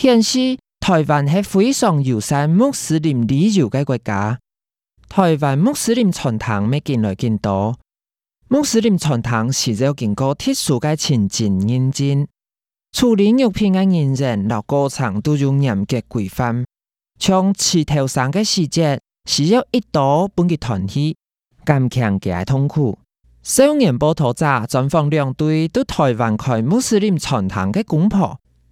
現時台灣係非常友善穆斯林旅遊嘅國家。台灣穆斯林餐廳也越來越多，穆斯林餐廳是要經過特殊嘅前線認證。處理肉品嘅人員落過程都要嚴格規範。從石頭上嘅細節，時要一刀半嘅斷氣，堅強嘅痛苦。少年報導者專訪兩對在台灣開穆斯林餐廳嘅公婆。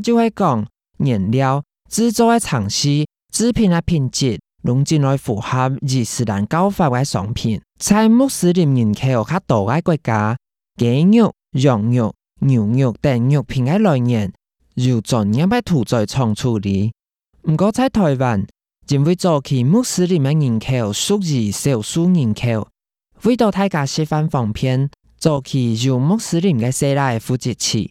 就係講原料製作嘅程序、製品的品質，攏進來符合伊斯蘭教法的商品。在穆斯林人口較多的國家，雞肉、羊肉、牛肉等肉品的來源，如從一啲屠宰廠處理。唔過在台灣，就會做起穆斯林的人口屬於少數人口，為到大家食飯方便，做起由穆斯林的世代負責。